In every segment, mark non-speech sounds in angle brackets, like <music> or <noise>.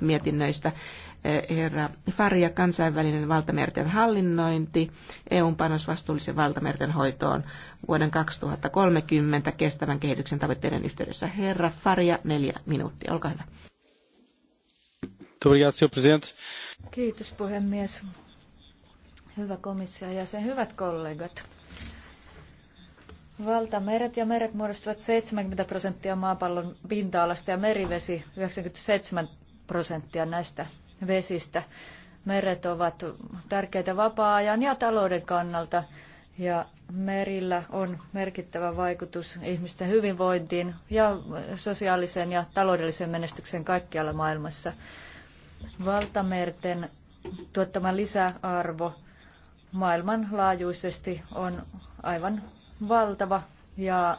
mietinnöistä eh, herra Faria, kansainvälinen valtamerten hallinnointi, EUn panos vastuullisen valtamerten hoitoon vuoden 2030 kestävän kehityksen tavoitteiden yhteydessä. Herra Faria, neljä minuuttia, olkaa hyvä. Kiitos puhemies. Hyvä komissio ja sen hyvät kollegat. Valtameret ja meret muodostavat 70 prosenttia maapallon pinta-alasta ja merivesi 97 prosenttia näistä vesistä. Meret ovat tärkeitä vapaa-ajan ja talouden kannalta ja merillä on merkittävä vaikutus ihmisten hyvinvointiin ja sosiaaliseen ja taloudelliseen menestykseen kaikkialla maailmassa. Valtamerten tuottama lisäarvo maailmanlaajuisesti on aivan valtava ja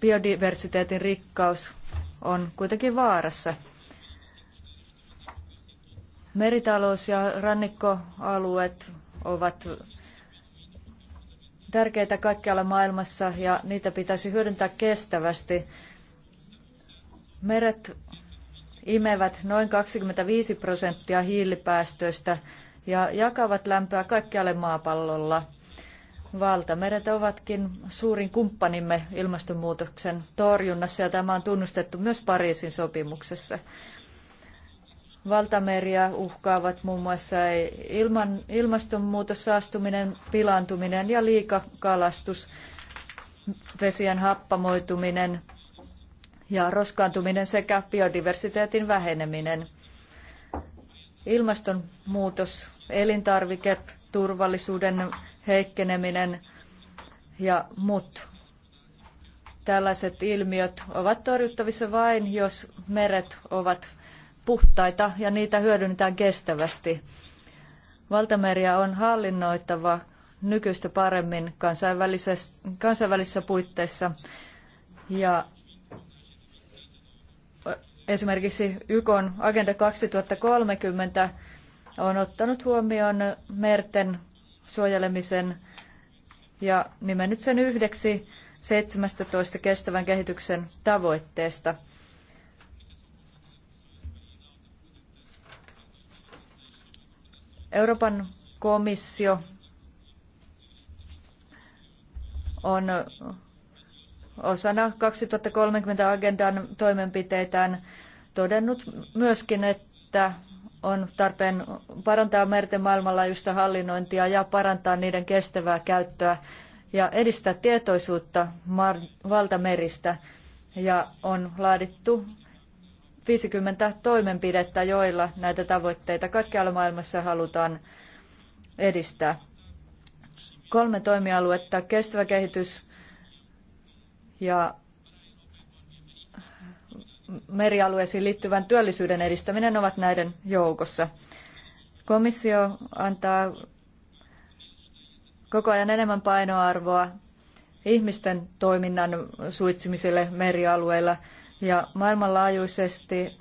biodiversiteetin rikkaus on kuitenkin vaarassa. Meritalous ja rannikkoalueet ovat tärkeitä kaikkialla maailmassa ja niitä pitäisi hyödyntää kestävästi. Meret imevät noin 25 prosenttia hiilipäästöistä ja jakavat lämpöä kaikkialle maapallolla – Valtameret ovatkin suurin kumppanimme ilmastonmuutoksen torjunnassa ja tämä on tunnustettu myös Pariisin sopimuksessa. Valtameriä uhkaavat muun muassa ilman, ilmastonmuutos, saastuminen, pilaantuminen ja liikakalastus, vesien happamoituminen ja roskaantuminen sekä biodiversiteetin väheneminen. Ilmastonmuutos, elintarviket, turvallisuuden heikkeneminen ja muut tällaiset ilmiöt ovat torjuttavissa vain, jos meret ovat puhtaita ja niitä hyödynnetään kestävästi. Valtameriä on hallinnoitava nykyistä paremmin kansainvälisessä, kansainvälisissä puitteissa ja esimerkiksi YKn Agenda 2030 on ottanut huomioon merten suojelemisen ja nimennyt sen yhdeksi 17 kestävän kehityksen tavoitteesta. Euroopan komissio on osana 2030 agendan toimenpiteitään todennut myöskin, että on tarpeen parantaa merten maailmanlaajuista hallinnointia ja parantaa niiden kestävää käyttöä ja edistää tietoisuutta valtameristä. Ja on laadittu 50 toimenpidettä, joilla näitä tavoitteita kaikkialla maailmassa halutaan edistää. Kolme toimialuetta, kestävä kehitys ja merialueisiin liittyvän työllisyyden edistäminen ovat näiden joukossa. Komissio antaa koko ajan enemmän painoarvoa ihmisten toiminnan suitsimiselle merialueilla ja maailmanlaajuisesti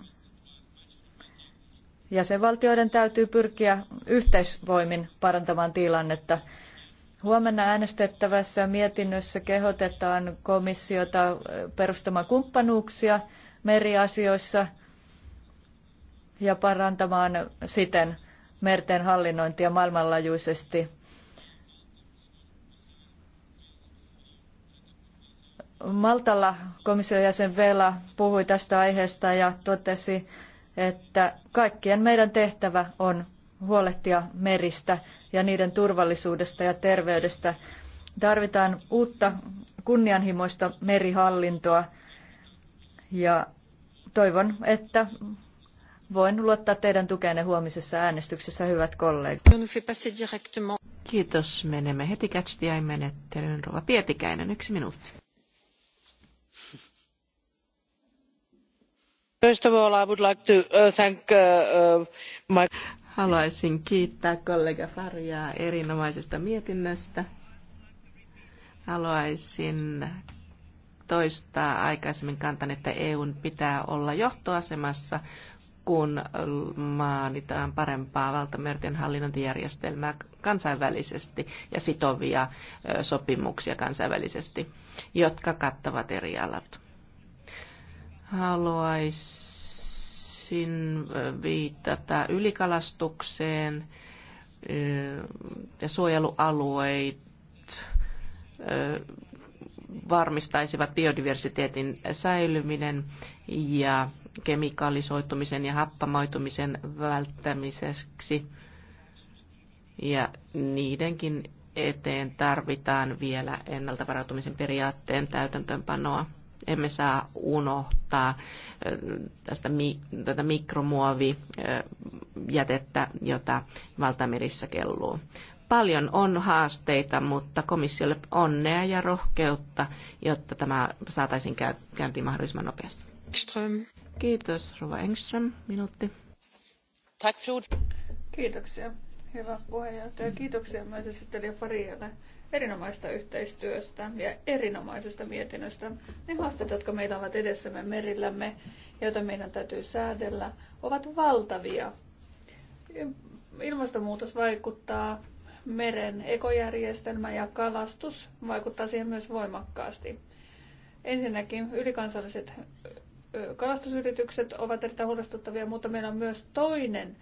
jäsenvaltioiden täytyy pyrkiä yhteisvoimin parantamaan tilannetta. Huomenna äänestettävässä mietinnössä kehotetaan komissiota perustamaan kumppanuuksia meriasioissa ja parantamaan siten merten hallinnointia maailmanlaajuisesti. Maltalla komission jäsen Vela puhui tästä aiheesta ja totesi, että kaikkien meidän tehtävä on huolehtia meristä ja niiden turvallisuudesta ja terveydestä. Tarvitaan uutta kunnianhimoista merihallintoa ja toivon, että voin luottaa teidän tukeenne huomisessa äänestyksessä, hyvät kollegat. Kiitos. Menemme heti catch menettelyyn. Rova Pietikäinen, yksi minuutti. First of all, I would like to uh, thank uh, uh, my... Haluaisin kiittää kollega Farjaa erinomaisesta mietinnöstä. Haluaisin toistaa aikaisemmin kantan, että EUn pitää olla johtoasemassa, kun maanitaan parempaa valtamerten hallinnointijärjestelmää kansainvälisesti ja sitovia sopimuksia kansainvälisesti, jotka kattavat eri alat. Haluaisin viitata ylikalastukseen ja suojelualueet varmistaisivat biodiversiteetin säilyminen ja kemikaalisoitumisen ja happamoitumisen välttämiseksi. Ja niidenkin eteen tarvitaan vielä ennaltavarautumisen periaatteen täytäntöönpanoa. Emme saa unohtaa tästä, tätä mikromuovijätettä, jota valtamerissä kelluu. Paljon on haasteita, mutta komissiolle onnea ja rohkeutta, jotta tämä saataisiin käyntiin mahdollisimman nopeasti. Engström. Kiitos, Rova Engström. Minuutti. Tack Kiitoksia, hyvä puheenjohtaja. Kiitoksia myös esittelijä Farialle erinomaista yhteistyöstä ja erinomaisesta mietinnöstä. Ne haasteet, jotka meillä ovat edessämme merillämme, joita meidän täytyy säädellä, ovat valtavia. Ilmastonmuutos vaikuttaa meren ekojärjestelmä ja kalastus vaikuttaa siihen myös voimakkaasti. Ensinnäkin ylikansalliset kalastusyritykset ovat erittäin huolestuttavia, mutta meillä on myös toinen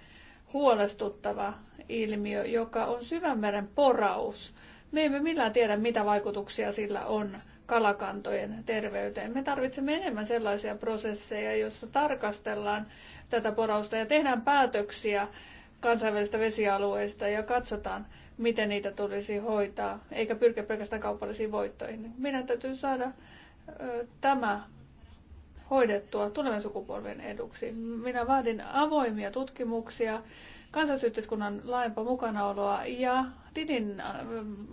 huolestuttava ilmiö, joka on syvänmeren poraus. Me emme millään tiedä, mitä vaikutuksia sillä on kalakantojen terveyteen. Me tarvitsemme enemmän sellaisia prosesseja, joissa tarkastellaan tätä porausta ja tehdään päätöksiä kansainvälistä vesialueista ja katsotaan, miten niitä tulisi hoitaa, eikä pyrkiä pelkästään kaupallisiin voittoihin. Meidän täytyy saada tämä hoidettua tulevien sukupolven eduksi. Minä vaadin avoimia tutkimuksia, kansallisyhteiskunnan laajempaa mukanaoloa ja tilin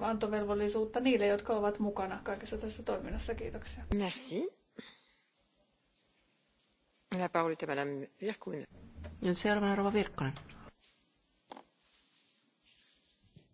antovelvollisuutta niille, jotka ovat mukana kaikessa tässä toiminnassa. Kiitoksia. Merci. La parole est Madame Virkkunen. Seuraavana Rova Virkkonen.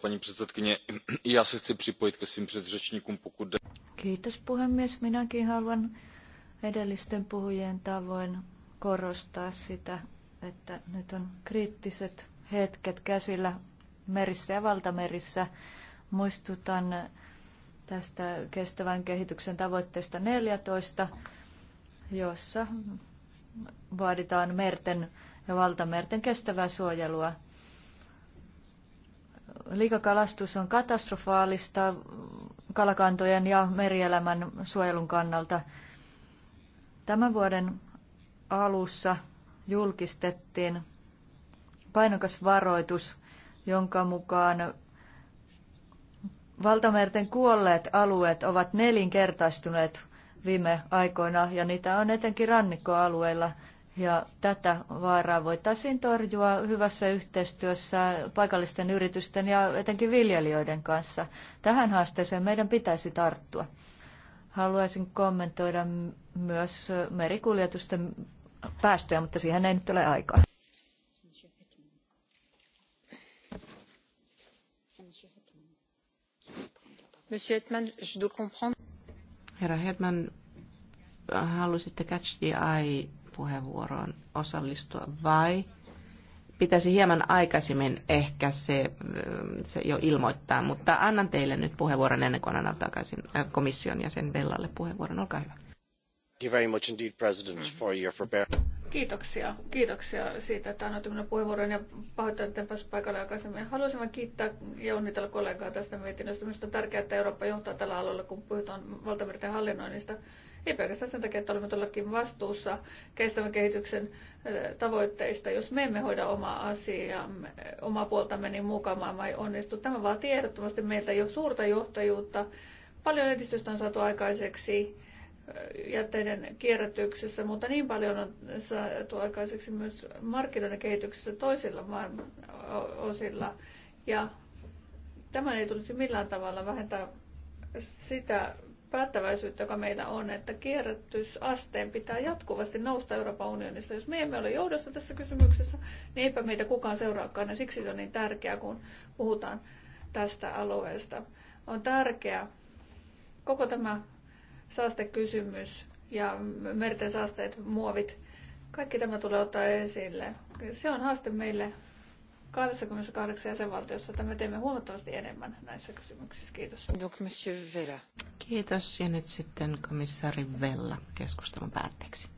paní předsedající <clears throat> i já se chci připojit ke svým předřečníkům pokud jde. Kiitos edellisten puhujien korostaa sitä, että nyt on kriittiset hetket merissä valtamerissä. tästä kestävän kehityksen vaaditaan ja kestävää Liikakalastus on katastrofaalista kalakantojen ja merielämän suojelun kannalta. Tämän vuoden alussa julkistettiin painokas varoitus, jonka mukaan valtamerten kuolleet alueet ovat nelinkertaistuneet viime aikoina ja niitä on etenkin rannikkoalueilla – ja tätä vaaraa voitaisiin torjua hyvässä yhteistyössä paikallisten yritysten ja etenkin viljelijöiden kanssa. Tähän haasteeseen meidän pitäisi tarttua. Haluaisin kommentoida myös merikuljetusten päästöjä, mutta siihen ei nyt ole aikaa. Monsieur Herra Hetman, halusitte catch the eye puheenvuoroon osallistua vai pitäisi hieman aikaisemmin ehkä se, mm, se jo ilmoittaa, mutta annan teille nyt puheenvuoron ennen kuin annan takaisin äh, komission sen Vellalle puheenvuoron. Olkaa hyvä. Thank you very much indeed, President, for your forbearance. Kiitoksia. Kiitoksia siitä, että annoit minun puheenvuoron ja pahoittelen, että en päässyt paikalle aikaisemmin. Haluaisin vain kiittää ja onnitella kollegaa tästä mietinnöstä. Minusta on tärkeää, että Eurooppa johtaa tällä alueella, kun puhutaan valtamerten hallinnoinnista. Ei pelkästään sen takia, että olemme todellakin vastuussa kestävän kehityksen tavoitteista. Jos me emme hoida omaa asiaa, omaa puoltamme, niin mukaan maailma ei onnistu. Tämä vaatii ehdottomasti meiltä jo suurta johtajuutta. Paljon edistystä on saatu aikaiseksi jätteiden kierrätyksessä, mutta niin paljon on saatu aikaiseksi myös markkinoiden kehityksessä toisilla maan osilla. Ja tämä ei tulisi millään tavalla vähentää sitä päättäväisyyttä, joka meillä on, että kierrätysasteen pitää jatkuvasti nousta Euroopan unionissa. Jos me emme ole johdossa tässä kysymyksessä, niin eipä meitä kukaan seuraakaan, ja siksi se on niin tärkeää, kun puhutaan tästä alueesta. On tärkeää koko tämä saastekysymys ja merten saasteet, muovit, kaikki tämä tulee ottaa esille. Se on haaste meille 28 jäsenvaltiossa, että me teemme huomattavasti enemmän näissä kysymyksissä. Kiitos. Kiitos. Ja nyt sitten komissaari Vella keskustelun päätteeksi.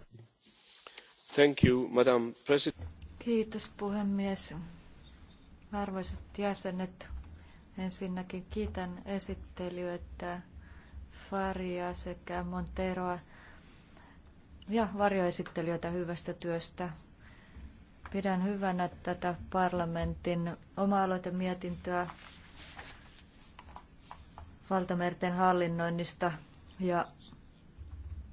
Thank you, Madam President. Kiitos puhemies. Arvoisat jäsenet, ensinnäkin kiitän että Faria sekä Monteroa ja varjoesittelijöitä hyvästä työstä. Pidän hyvänä tätä parlamentin oma-aloitemietintöä valtamerten hallinnoinnista ja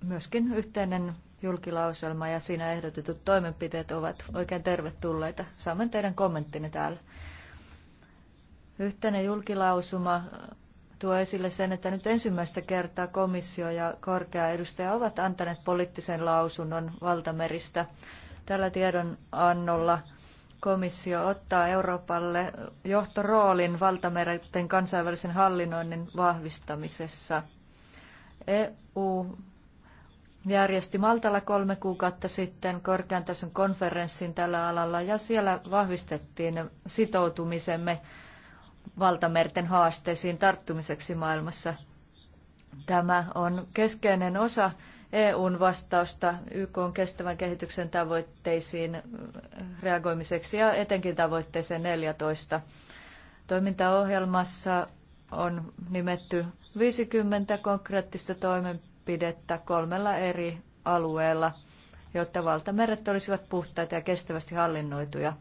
myöskin yhteinen julkilauselma ja siinä ehdotetut toimenpiteet ovat oikein tervetulleita. Saamme teidän kommenttini täällä. Yhteinen julkilausuma tuo esille sen, että nyt ensimmäistä kertaa komissio ja korkea edustaja ovat antaneet poliittisen lausunnon valtameristä. Tällä tiedonannolla komissio ottaa Euroopalle johtoroolin valtamerten kansainvälisen hallinnoinnin vahvistamisessa. EU järjesti Maltalla kolme kuukautta sitten korkean tason konferenssin tällä alalla ja siellä vahvistettiin sitoutumisemme valtamerten haasteisiin tarttumiseksi maailmassa. Tämä on keskeinen osa EUn vastausta YK on kestävän kehityksen tavoitteisiin reagoimiseksi ja etenkin tavoitteeseen 14. Toimintaohjelmassa on nimetty 50 konkreettista toimenpidettä kolmella eri alueella, jotta valtameret olisivat puhtaita ja kestävästi hallinnoituja.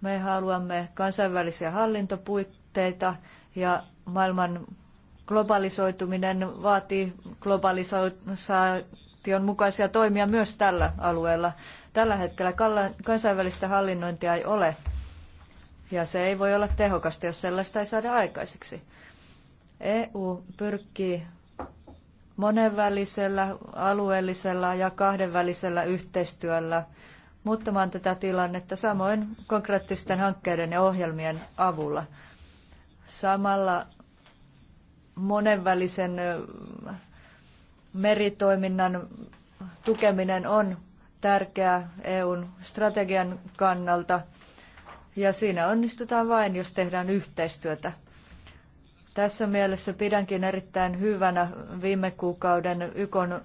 Me haluamme kansainvälisiä hallintopuitteita ja maailman globalisoituminen vaatii globalisaation mukaisia toimia myös tällä alueella. Tällä hetkellä kansainvälistä hallinnointia ei ole ja se ei voi olla tehokasta, jos sellaista ei saada aikaiseksi. EU pyrkii monenvälisellä, alueellisella ja kahdenvälisellä yhteistyöllä muuttamaan tätä tilannetta samoin konkreettisten hankkeiden ja ohjelmien avulla. Samalla monenvälisen meritoiminnan tukeminen on tärkeää EUn strategian kannalta ja siinä onnistutaan vain, jos tehdään yhteistyötä. Tässä mielessä pidänkin erittäin hyvänä viime kuukauden YKn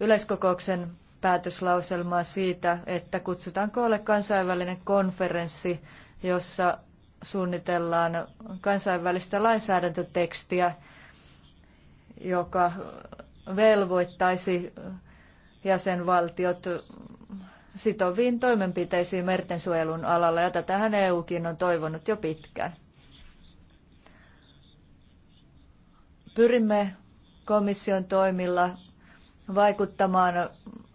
yleiskokouksen päätöslauselmaa siitä, että kutsutaan koolle kansainvälinen konferenssi, jossa suunnitellaan kansainvälistä lainsäädäntötekstiä, joka velvoittaisi jäsenvaltiot sitoviin toimenpiteisiin mertensuojelun alalla, ja tätähän EUkin on toivonut jo pitkään. Pyrimme komission toimilla vaikuttamaan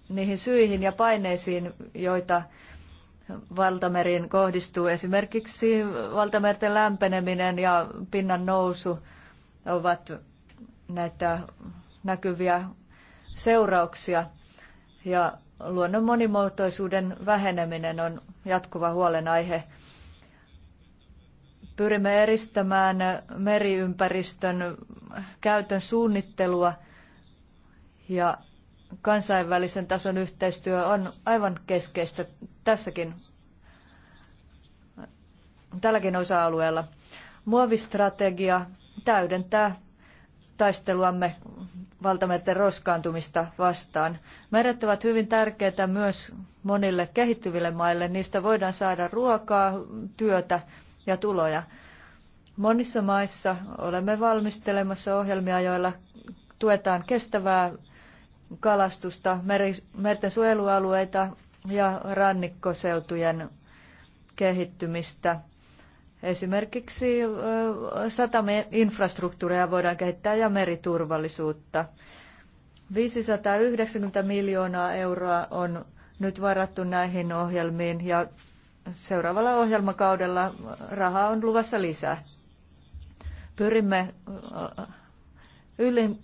niihin syihin ja paineisiin, joita valtameriin kohdistuu. Esimerkiksi valtamerten lämpeneminen ja pinnan nousu ovat näitä näkyviä seurauksia. Ja luonnon monimuotoisuuden väheneminen on jatkuva huolenaihe. Pyrimme eristämään meriympäristön käytön suunnittelua ja kansainvälisen tason yhteistyö on aivan keskeistä tässäkin, tälläkin osa-alueella. Muovistrategia täydentää taisteluamme valtamerten roskaantumista vastaan. Meret ovat hyvin tärkeitä myös monille kehittyville maille. Niistä voidaan saada ruokaa, työtä ja tuloja. Monissa maissa olemme valmistelemassa ohjelmia, joilla tuetaan kestävää kalastusta, merten suojelualueita ja rannikkoseutujen kehittymistä. Esimerkiksi satamien infrastruktuuria voidaan kehittää ja meriturvallisuutta. 590 miljoonaa euroa on nyt varattu näihin ohjelmiin ja seuraavalla ohjelmakaudella rahaa on luvassa lisää. Pyrimme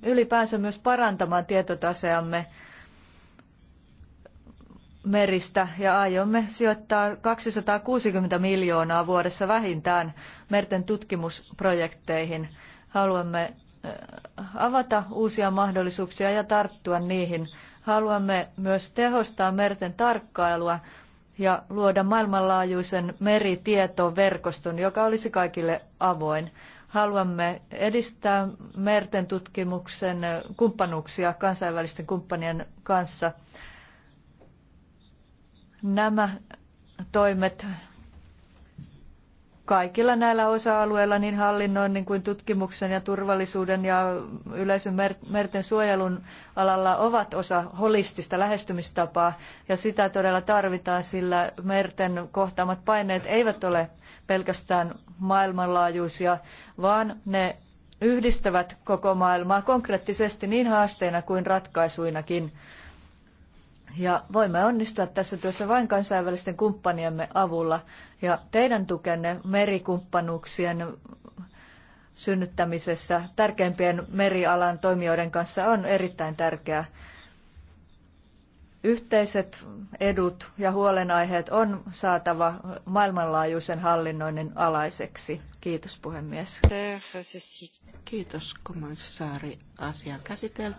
ylipäänsä myös parantamaan tietotaseamme meristä ja aiomme sijoittaa 260 miljoonaa vuodessa vähintään merten tutkimusprojekteihin. Haluamme äh, avata uusia mahdollisuuksia ja tarttua niihin. Haluamme myös tehostaa merten tarkkailua ja luoda maailmanlaajuisen meritietoverkoston, joka olisi kaikille avoin. Haluamme edistää merten tutkimuksen kumppanuuksia kansainvälisten kumppanien kanssa. Nämä toimet kaikilla näillä osa-alueilla niin hallinnoinnin kuin tutkimuksen ja turvallisuuden ja yleisen merten suojelun alalla ovat osa holistista lähestymistapaa ja sitä todella tarvitaan, sillä merten kohtaamat paineet eivät ole pelkästään maailmanlaajuisia, vaan ne yhdistävät koko maailmaa konkreettisesti niin haasteina kuin ratkaisuinakin. Ja voimme onnistua tässä työssä vain kansainvälisten kumppaniemme avulla. Ja teidän tukenne merikumppanuuksien synnyttämisessä tärkeimpien merialan toimijoiden kanssa on erittäin tärkeää. Yhteiset edut ja huolenaiheet on saatava maailmanlaajuisen hallinnoinnin alaiseksi. Kiitos puhemies. Kiitos komissaari. Asia käsitelty.